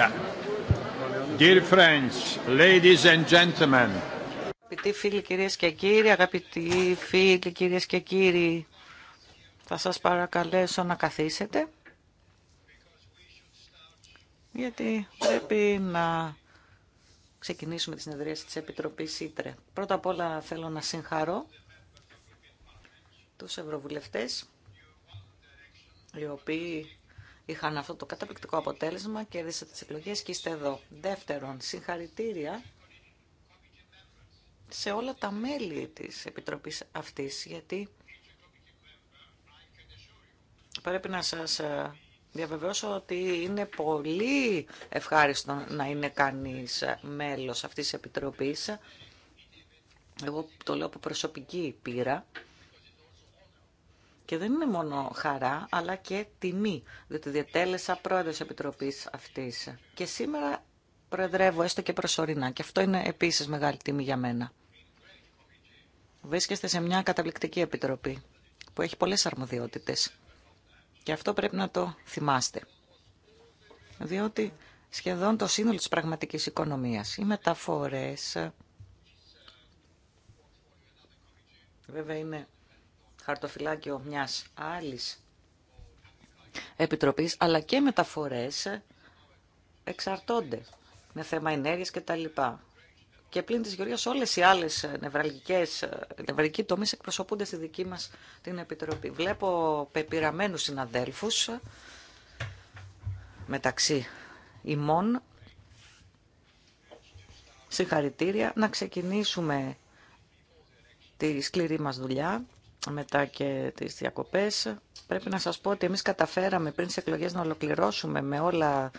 Αγαπητοί φίλοι, κυρίες και κύριοι, αγαπητοί φίλοι, κυρίες και κύριοι, θα σας παρακαλέσω να καθίσετε, γιατί πρέπει να ξεκινήσουμε τη συνεδρίαση της Επιτροπής Ήτρε. Πρώτα απ' όλα θέλω να συγχαρώ τους ευρωβουλευτές, οι οποίοι είχαν αυτό το καταπληκτικό αποτέλεσμα, κέρδισε τις εκλογές και είστε εδώ. Δεύτερον, συγχαρητήρια σε όλα τα μέλη της Επιτροπής αυτής, γιατί πρέπει να σας ε, διαβεβαιώσω ότι είναι πολύ ευχάριστο να είναι κανείς ε, μέλος αυτής της Επιτροπής. Εγώ το λέω από προσωπική πείρα. Και δεν είναι μόνο χαρά, αλλά και τιμή, διότι διατέλεσα πρόεδρος επιτροπής αυτής. Και σήμερα προεδρεύω έστω και προσωρινά και αυτό είναι επίσης μεγάλη τιμή για μένα. Βρίσκεστε σε μια καταπληκτική επιτροπή που έχει πολλές αρμοδιότητες και αυτό πρέπει να το θυμάστε. Διότι σχεδόν το σύνολο της πραγματικής οικονομίας, οι μεταφορές, βέβαια είναι χαρτοφυλάκιο μιας άλλης επιτροπής, αλλά και μεταφορές εξαρτώνται με θέμα ενέργειας κτλ. Και πλην της Γεωργίας όλες οι άλλες νευραλγικές, νευραλγικοί τομείς εκπροσωπούνται στη δική μας την Επιτροπή. Βλέπω πεπειραμένους συναδέλφους μεταξύ ημών. Συγχαρητήρια να ξεκινήσουμε τη σκληρή μας δουλειά μετά και τις διακοπές. Πρέπει να σας πω ότι εμείς καταφέραμε πριν τις εκλογές να ολοκληρώσουμε με όλα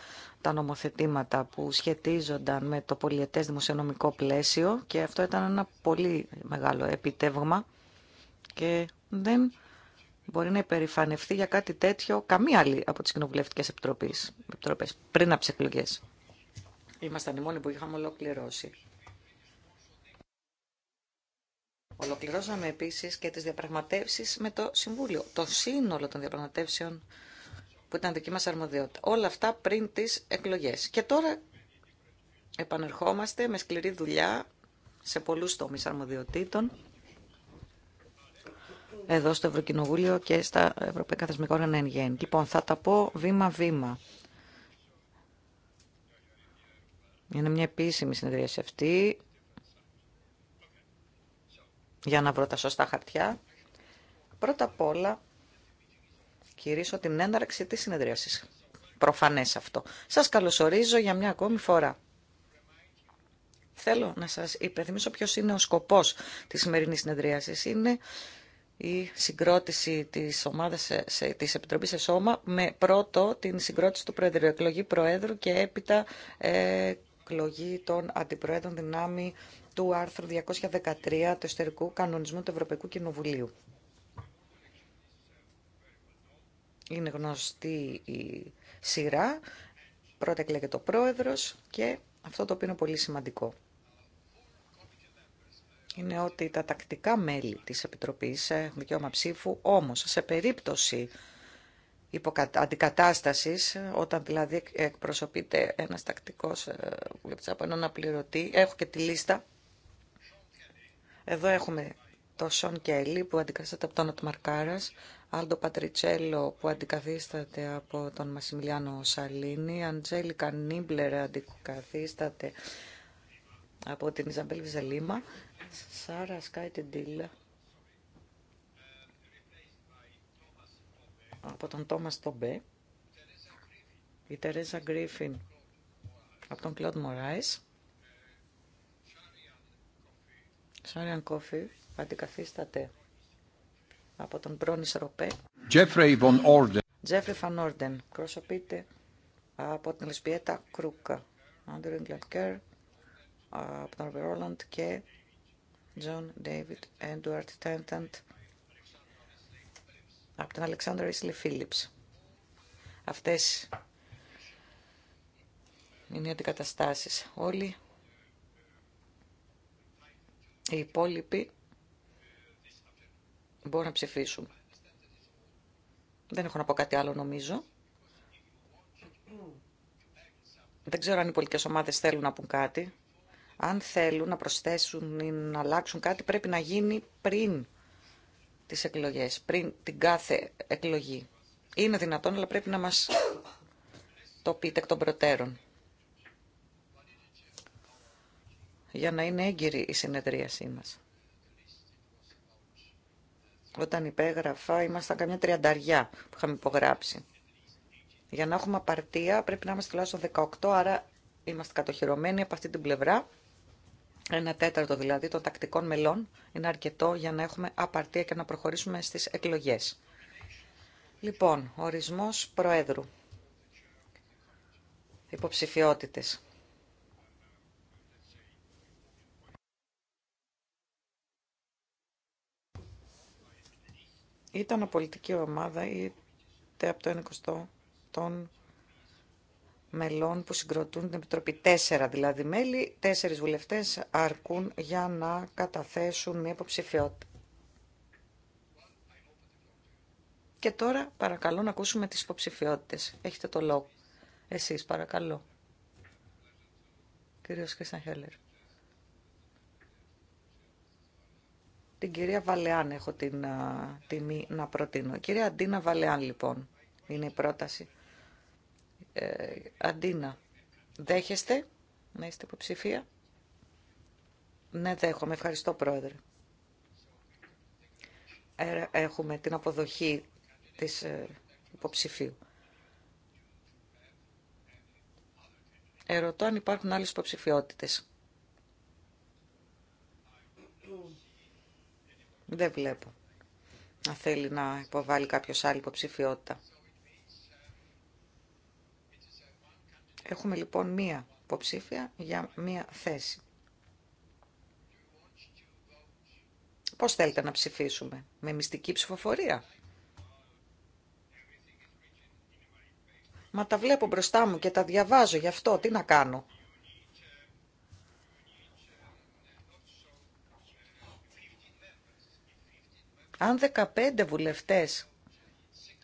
τα νομοθετήματα που σχετίζονταν με το πολιετές δημοσιονομικό πλαίσιο και αυτό ήταν ένα πολύ μεγάλο επιτεύγμα και δεν μπορεί να υπερηφανευτεί για κάτι τέτοιο καμία άλλη από τις κοινοβουλευτικές επιτροπές, πριν από τις εκλογές. Ήμασταν οι μόνοι που είχαμε ολοκληρώσει. Ολοκληρώσαμε επίση και τι διαπραγματεύσει με το Συμβούλιο, το σύνολο των διαπραγματεύσεων που ήταν δική μα αρμοδιότητα. Όλα αυτά πριν τι εκλογές. Και τώρα επανερχόμαστε με σκληρή δουλειά σε πολλού τομείς αρμοδιοτήτων εδώ στο Ευρωκοινοβούλιο και στα Ευρωπαϊκά Θεσμικά Όργανα εν γέννη. Λοιπόν, θα τα πω βήμα-βήμα. Είναι μια επίσημη συνεδρίαση αυτή για να βρω τα σωστά χαρτιά. Πρώτα απ' όλα, κηρύσω την έναρξη της συνεδρίασης. Προφανές αυτό. Σας καλωσορίζω για μια ακόμη φορά. Θέλω να σας υπενθυμίσω ποιος είναι ο σκοπός της σημερινής συνεδρίασης. Είναι η συγκρότηση της ομάδας σε, της Επιτροπής σε Σώμα με πρώτο την συγκρότηση του Πρόεδρου, εκλογή Προέδρου και έπειτα ε, εκλογή των Αντιπροέδρων Δυνάμει του άρθρου 213 του εσωτερικού κανονισμού του Ευρωπαϊκού Κοινοβουλίου. Είναι γνωστή η σειρά. Πρώτα εκλέγεται ο πρόεδρος και αυτό το οποίο είναι πολύ σημαντικό είναι ότι τα τακτικά μέλη της Επιτροπής έχουν δικαίωμα ψήφου, όμως σε περίπτωση αντικατάστασης, όταν δηλαδή εκπροσωπείται ένας τακτικός ε, βουλευτής από έναν απληρωτή, έχω και τη λίστα εδώ έχουμε το Σον Κέλλη που αντικαθίσταται από τον Ατμαρκάρα, Άλντο Πατριτσέλο που αντικαθίσταται από τον Μασιμιλιάνο Σαλίνη, Αντζέλικα Νίμπλερ αντικαθίσταται από την Ιζαμπέλ Βιζελίμα, Σάρα Σκάιτε Ντίλα από τον Τόμας Τομπέ, η Τερέζα Γκρίφιν από τον Κλοντ Μωράης, Σαν Κόφι αντικαθίσταται από τον Μπρόνις Ροπέ. Τζέφρεϊ Βον Όρντεν. Τζέφρι Φαν Όρντεν. Κροσωπείται από την Λεσπιέτα Κρούκα. Άντρου Ιγκλαντκέρ από τον Ρόλαντ και Τζον Ντέιβιτ Έντουαρτ Τένταντ από τον Αλεξάνδρο Ισλι Φίλιπς. Αυτές είναι οι αντικαταστάσεις. Όλοι οι υπόλοιποι μπορούν να ψηφίσουν. Δεν έχω να πω κάτι άλλο νομίζω. Δεν ξέρω αν οι πολιτικές ομάδες θέλουν να πούν κάτι. Αν θέλουν να προσθέσουν ή να αλλάξουν κάτι πρέπει να γίνει πριν τις εκλογές, πριν την κάθε εκλογή. Είναι δυνατόν αλλά πρέπει να μας το πείτε εκ των προτέρων. για να είναι έγκυρη η συνεδρίασή μας. Όταν υπέγραφα, ήμασταν καμιά τριανταριά που είχαμε υπογράψει. Για να έχουμε απαρτία πρέπει να είμαστε τουλάχιστον 18, άρα είμαστε κατοχυρωμένοι από αυτή την πλευρά. Ένα τέταρτο δηλαδή των τακτικών μελών είναι αρκετό για να έχουμε απαρτία και να προχωρήσουμε στις εκλογές. Λοιπόν, ορισμός Προέδρου. Υποψηφιότητες. είτε πολιτική ομάδα είτε από το 20 των μελών που συγκροτούν την Επιτροπή. Τέσσερα δηλαδή μέλη, τέσσερις βουλευτές αρκούν για να καταθέσουν μια υποψηφιότητα. Και τώρα παρακαλώ να ακούσουμε τις υποψηφιότητες. Έχετε το λόγο. Εσείς παρακαλώ. Κύριος Κρίσταν Χέλερ. την κυρία Βαλεάν έχω την τιμή να προτείνω. Κυρία Αντίνα Βαλεάν λοιπόν είναι η πρόταση. Ε, Αντίνα, δέχεστε να είστε υποψηφία. Ναι, δέχομαι. Ευχαριστώ, Πρόεδρε. έχουμε την αποδοχή της ε, υποψηφίου. Ερωτώ αν υπάρχουν άλλες υποψηφιότητες. Δεν βλέπω να θέλει να υποβάλει κάποιος άλλη υποψηφιότητα. Έχουμε λοιπόν μία υποψήφια για μία θέση. Πώς θέλετε να ψηφίσουμε, με μυστική ψηφοφορία. Μα τα βλέπω μπροστά μου και τα διαβάζω γι' αυτό, τι να κάνω. Αν 15 βουλευτές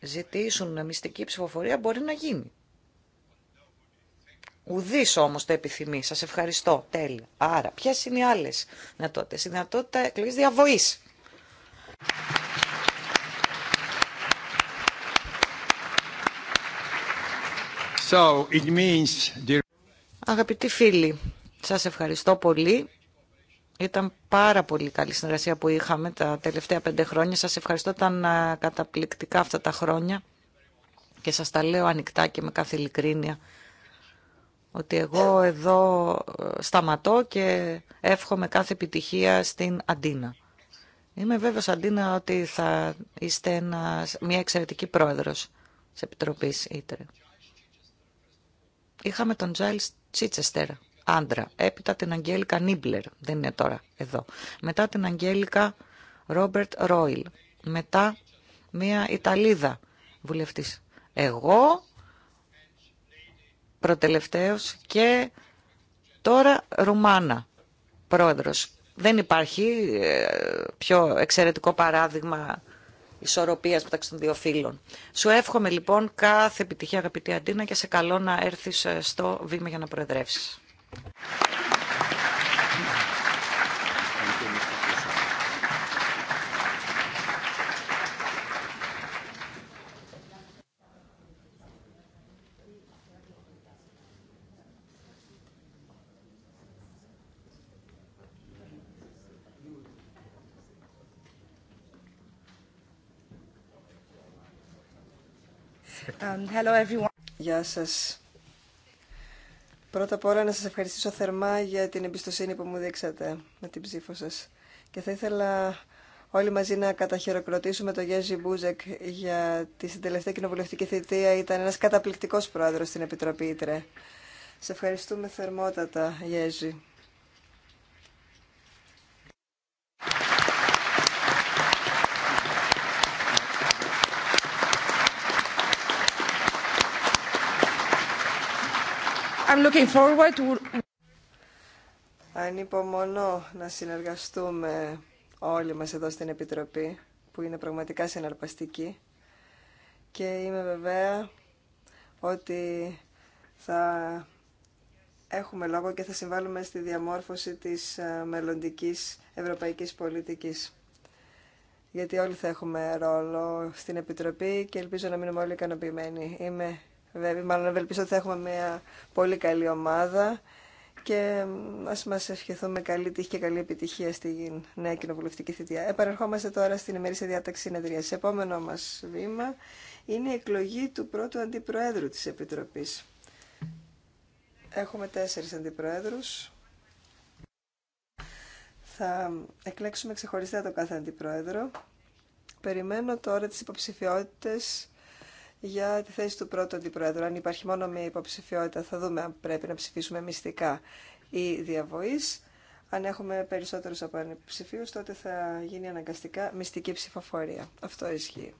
ζητήσουν μυστική ψηφοφορία μπορεί να γίνει. Ουδής όμως το επιθυμεί. Σας ευχαριστώ. Τέλεια. Άρα, ποιες είναι οι άλλες δυνατότητες. Η δυνατότητα εκλογής διαβοής. So, it means... Αγαπητοί φίλοι, σας ευχαριστώ πολύ. Ήταν πάρα πολύ καλή συνεργασία που είχαμε τα τελευταία πέντε χρόνια. Σας ευχαριστώ, ήταν καταπληκτικά αυτά τα χρόνια και σας τα λέω ανοιχτά και με κάθε ειλικρίνεια ότι εγώ εδώ ε, σταματώ και εύχομαι κάθε επιτυχία στην Αντίνα. Είμαι βέβαιος, Αντίνα, ότι θα είστε μια εξαιρετική πρόεδρος της Επιτροπής Ήτρε. Είχαμε τον Τζάιλς Τσίτσεστερ άντρα. Έπειτα την Αγγέλικα Νίμπλερ, δεν είναι τώρα εδώ. Μετά την Αγγέλικα Ρόμπερτ Ρόιλ. Μετά μια Ιταλίδα βουλευτής. Εγώ, προτελευταίος και τώρα Ρουμάνα, πρόεδρος. Δεν υπάρχει ε, πιο εξαιρετικό παράδειγμα ισορροπίας μεταξύ των δύο φίλων. Σου εύχομαι λοιπόν κάθε επιτυχία αγαπητή Αντίνα και σε καλό να έρθεις ε, στο βήμα για να προεδρεύσεις. Hello everyone. Γεια Πρώτα απ' όλα να σας ευχαριστήσω θερμά για την εμπιστοσύνη που μου δείξατε με την ψήφο σας. Και θα ήθελα όλοι μαζί να καταχειροκροτήσουμε τον Γιέζι Μπούζεκ για τη στην τελευταία κοινοβουλευτική θητεία. Ήταν ένας καταπληκτικός πρόεδρος στην Επιτροπή Ήτρε. Σε ευχαριστούμε θερμότατα, Γιέζι. I'm looking forward to... Ανυπομονώ να συνεργαστούμε όλοι μας εδώ στην Επιτροπή, που είναι πραγματικά συναρπαστική. Και είμαι βεβαία ότι θα έχουμε λόγο και θα συμβάλλουμε στη διαμόρφωση της ε, μελλοντικής ευρωπαϊκής πολιτικής. Γιατί όλοι θα έχουμε ρόλο στην Επιτροπή και ελπίζω να μείνουμε όλοι ικανοποιημένοι. Είμαι βέβαια, μάλλον ευελπίζω ότι θα έχουμε μια πολύ καλή ομάδα και ας μας ευχηθούμε καλή τύχη και καλή επιτυχία στη νέα κοινοβουλευτική θητεία. Επαναρχόμαστε τώρα στην ημερήσια διάταξη συνεδρίας. Επόμενο μας βήμα είναι η εκλογή του πρώτου αντιπροέδρου της Επιτροπής. Έχουμε τέσσερις αντιπροέδρους. Θα εκλέξουμε ξεχωριστά το κάθε αντιπρόεδρο. Περιμένω τώρα τις υποψηφιότητες για τη θέση του πρώτου αντιπρόεδρου. Αν υπάρχει μόνο μία υποψηφιότητα, θα δούμε αν πρέπει να ψηφίσουμε μυστικά ή διαβοή. Αν έχουμε περισσότερου από ανεψηφίου, τότε θα γίνει αναγκαστικά μυστική ψηφοφορία. Αυτό ισχύει.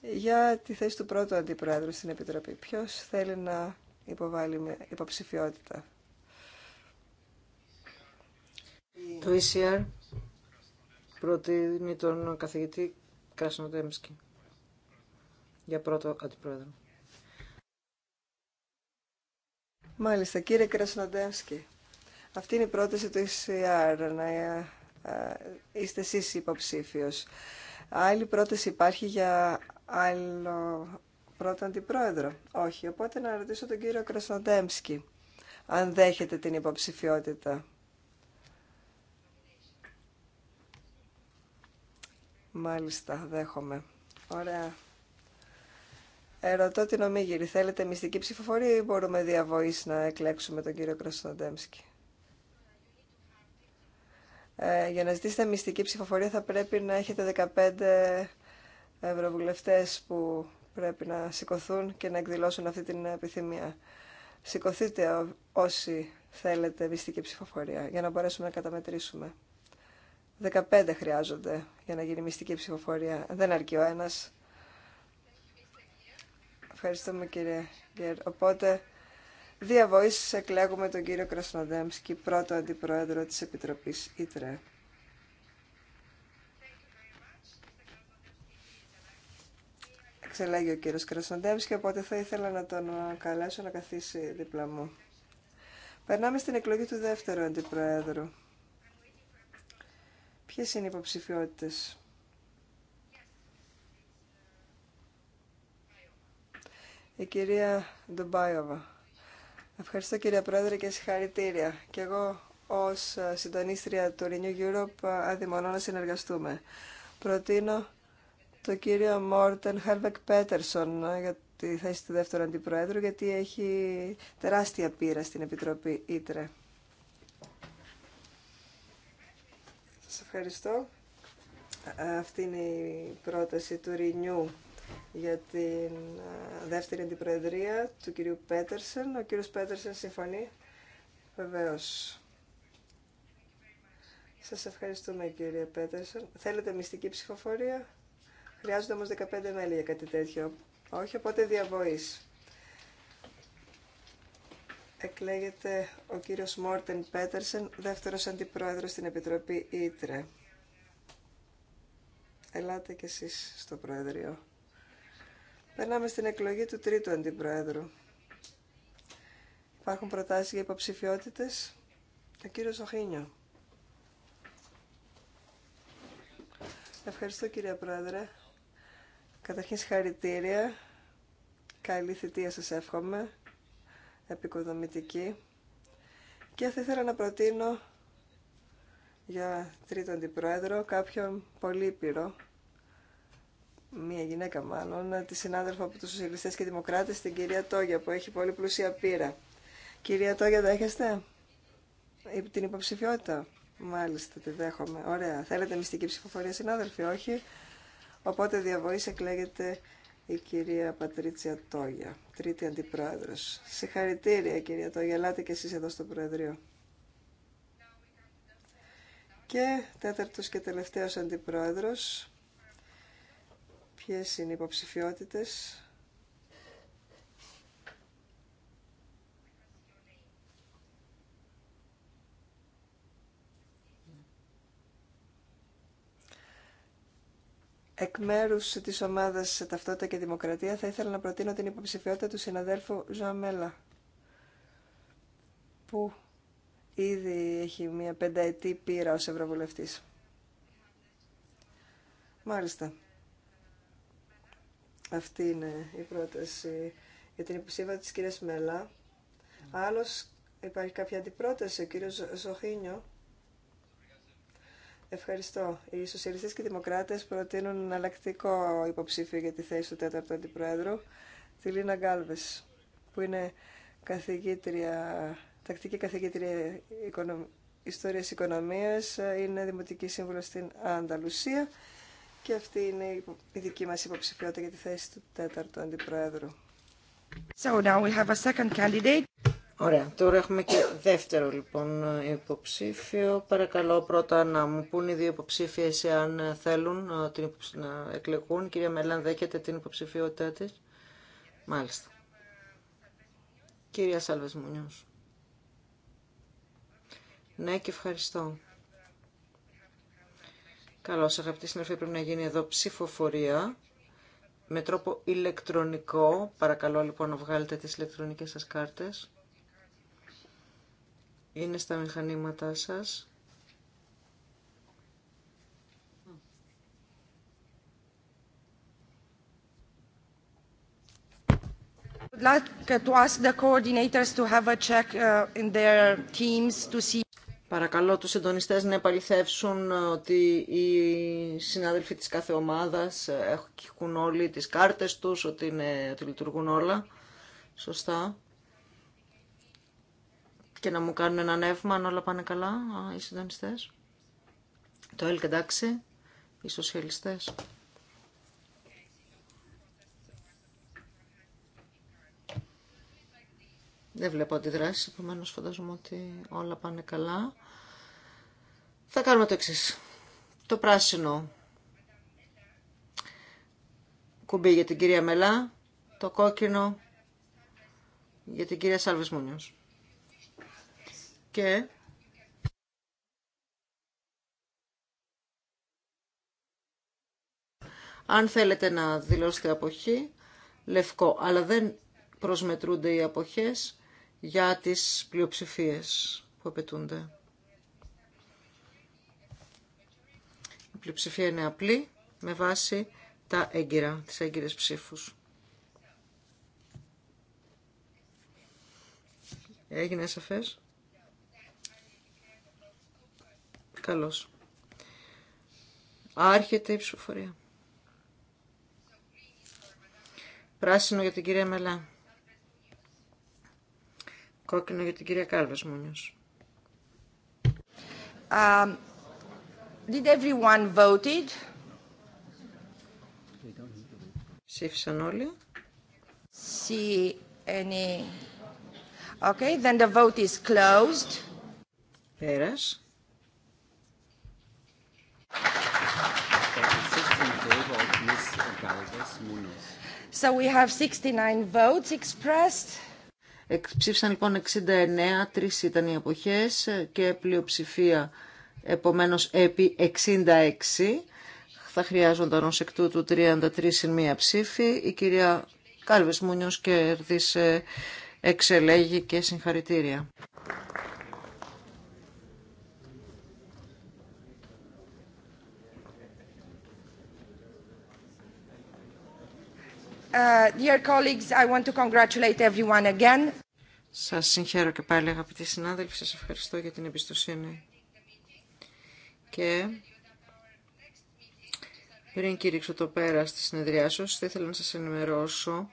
Για τη θέση του πρώτου αντιπρόεδρου στην Επιτροπή, ποιο θέλει να υποβάλει υποψηφιότητα. Το ECR προτείνει τον καθηγητή Κράσινο για πρώτο αντιπρόεδρο. Μάλιστα, κύριε Κρασνοντεύσκη, αυτή είναι η πρόταση του ΕΣΥΑΡ να ε, ε, είστε εσείς υποψήφιος. Άλλη πρόταση υπάρχει για άλλο πρώτο αντιπρόεδρο. Όχι, οπότε να ρωτήσω τον κύριο Κρασνοντέμσκι αν δέχεται την υποψηφιότητα. Μάλιστα, δέχομαι. Ωραία. Ερωτώ την Ομίγυρη, θέλετε μυστική ψηφοφορία ή μπορούμε διαβοή να εκλέξουμε τον κύριο Κρασνοντέμσκι. Ε, για να ζητήσετε μυστική ψηφοφορία θα πρέπει να έχετε 15 ευρωβουλευτές που πρέπει να σηκωθούν και να εκδηλώσουν αυτή την επιθυμία. Σηκωθείτε όσοι θέλετε μυστική ψηφοφορία για να μπορέσουμε να καταμετρήσουμε. 15 χρειάζονται για να γίνει μυστική ψηφοφορία. Δεν αρκεί ο ένας. Ευχαριστούμε κύριε Γκέρ. Οπότε, διαβοής εκλέγουμε τον κύριο Κρασνοδέμσκι, πρώτο αντιπρόεδρο της Επιτροπής ΙΤΡΕ. Εξελέγει ο κύριος Κρασνοδέμσκι, οπότε θα ήθελα να τον καλέσω να καθίσει δίπλα μου. Περνάμε στην εκλογή του δεύτερου αντιπροέδρου. Ποιες είναι οι υποψηφιότητες. Η κυρία Ντομπάιωβα. Ευχαριστώ κυρία Πρόεδρε και συγχαρητήρια. Και εγώ ως ε, συντονίστρια του Renew Europe ε, αδειμονώ να συνεργαστούμε. Προτείνω το κύριο Μόρτεν Χαλβεκ Πέτερσον ε, για τη θέση του δεύτερου αντιπροέδρου γιατί έχει τεράστια πείρα στην Επιτροπή Ήτρε. Σας ευχαριστώ. Αυτή είναι η πρόταση του Renew για την ε, δεύτερη αντιπροεδρία του κυρίου Πέτερσεν. Ο κύριος Πέτερσεν συμφωνεί. Βεβαίως. Σας ευχαριστούμε κύριε Πέτερσεν. Θέλετε μυστική ψηφοφορία. Χρειάζονται όμως 15 μέλη για κάτι τέτοιο. Όχι, οπότε διαβοής. Εκλέγεται ο κύριος Μόρτεν Πέτερσεν, δεύτερος αντιπρόεδρος στην Επιτροπή Ήτρε. Ελάτε κι εσείς στο Προεδρείο. Περνάμε στην εκλογή του τρίτου αντιπροέδρου. Υπάρχουν προτάσεις για υποψηφιότητες. Ο κύριος Ζωχίνιο. Ευχαριστώ κύριε Πρόεδρε. Καταρχήν συγχαρητήρια. Καλή θητεία σας εύχομαι. Επικοδομητική. Και θα ήθελα να προτείνω για τρίτο αντιπρόεδρο κάποιον πυρό, μία γυναίκα μάλλον, τη συνάδελφα από τους Σοσιαλιστές και Δημοκράτες, την κυρία Τόγια, που έχει πολύ πλούσια πείρα. Κυρία Τόγια, δέχεστε ε, την υποψηφιότητα. Μάλιστα, τη δέχομαι. Ωραία. Θέλετε μυστική ψηφοφορία, συνάδελφοι, όχι. Οπότε διαβοής εκλέγεται η κυρία Πατρίτσια Τόγια, τρίτη αντιπρόεδρος. Συγχαρητήρια, κυρία Τόγια. Ελάτε και εσείς εδώ στο Προεδρείο. Και τέταρτος και τελευταίος αντιπρόεδρος, Ποιες είναι οι υποψηφιότητες. Εκ μέρου τη ομάδα Ταυτότητα και Δημοκρατία, θα ήθελα να προτείνω την υποψηφιότητα του συναδέλφου Ζωαμέλα, που ήδη έχει μια πενταετή πείρα ω Ευρωβουλευτή. Μάλιστα. Αυτή είναι η πρόταση για την υποσύμβα της κυρίας Μέλα. Άλλος υπάρχει κάποια αντιπρόταση, ο κύριος Ζωχίνιο. Ευχαριστώ. Οι σοσιαλιστές και οι δημοκράτες προτείνουν εναλλακτικό υποψήφιο για τη θέση του τέταρτου αντιπρόεδρου, τη Λίνα Γκάλβες, που είναι καθηγήτρια, τακτική καθηγήτρια ιστορίας οικονομίας, ε, είναι δημοτική σύμβουλο στην Ανταλουσία και αυτή είναι η δική μας υποψηφιότητα για τη θέση του τέταρτου αντιπρόεδρου. So now we have a second candidate. Ωραία. Τώρα έχουμε και δεύτερο λοιπόν υποψήφιο. Παρακαλώ πρώτα να μου πούν οι δύο υποψήφιες εάν θέλουν ε, να εκλεγούν. Κυρία Μελάν, δέχεται την υποψηφιότητά της. Μάλιστα. Κυρία Σάλβες Μουνιός. Ναι και ευχαριστώ. Καλώς, αγαπητοί συνάδελφοι, πρέπει να γίνει εδώ ψηφοφορία με τρόπο ηλεκτρονικό. Παρακαλώ λοιπόν να βγάλετε τις ηλεκτρονικές σας κάρτες. Είναι στα μηχανήματά σας. like to ask the coordinators to have a check uh, in their teams to see Παρακαλώ τους συντονιστές να επαληθεύσουν ε, ότι οι συνάδελφοι της κάθε ομάδας ε, έχουν όλοι τις κάρτες τους, ότι, είναι, λειτουργούν όλα σωστά. Και να μου κάνουν ένα νεύμα αν όλα πάνε καλά οι συντονιστές. Το ΕΛΚ εντάξει, οι σοσιαλιστές. Δεν βλέπω αντιδράσει, επομένω φαντάζομαι ότι όλα πάνε καλά. Θα κάνουμε το εξή. Το πράσινο κουμπί για την κυρία Μελά, το κόκκινο για την κυρία Σάλβες Μούνιος. Και αν θέλετε να δηλώσετε αποχή, λευκό, αλλά δεν προσμετρούνται οι αποχές, για τις πλειοψηφίες που απαιτούνται. Η πλειοψηφία είναι απλή με βάση τα έγκυρα, τις έγκυρες ψήφους. Έγινε σαφές. Καλώς. Άρχεται η ψηφοφορία. Πράσινο για την κυρία Μελά. Κόκκινο για την κυρία Κάλβας Μούνιος. Um, did everyone voted? Ψήφισαν όλοι. See any... Okay, then the vote is closed. Πέρας. So we have 69 votes expressed. Ψήφισαν λοιπόν 69, τρεις ήταν οι εποχές και πλειοψηφία επομένως επί 66. Θα χρειάζονταν ως εκ τούτου 33 συν μία ψήφη. Η κυρία Κάλβες Μούνιος κερδίσε εξελέγη και συγχαρητήρια. Uh, dear colleagues, Σας συγχαίρω και πάλι αγαπητοί συνάδελφοι, σας ευχαριστώ για την εμπιστοσύνη. Και πριν κήρυξω το πέρα στη συνεδριάσεως, θα ήθελα να σας ενημερώσω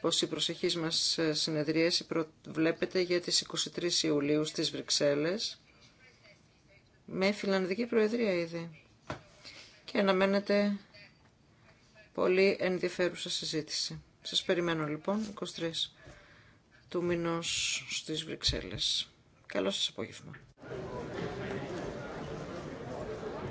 πως η προσεχή μας ε, συνεδρίαση βλέπετε για τις 23 Ιουλίου στις Βρυξέλλες με φιλανδική προεδρία ήδη. Και αναμένεται πολύ ενδιαφέρουσα συζήτηση. Σας περιμένω λοιπόν 23 του μηνός στις Βρυξέλλες. Καλό σας απόγευμα.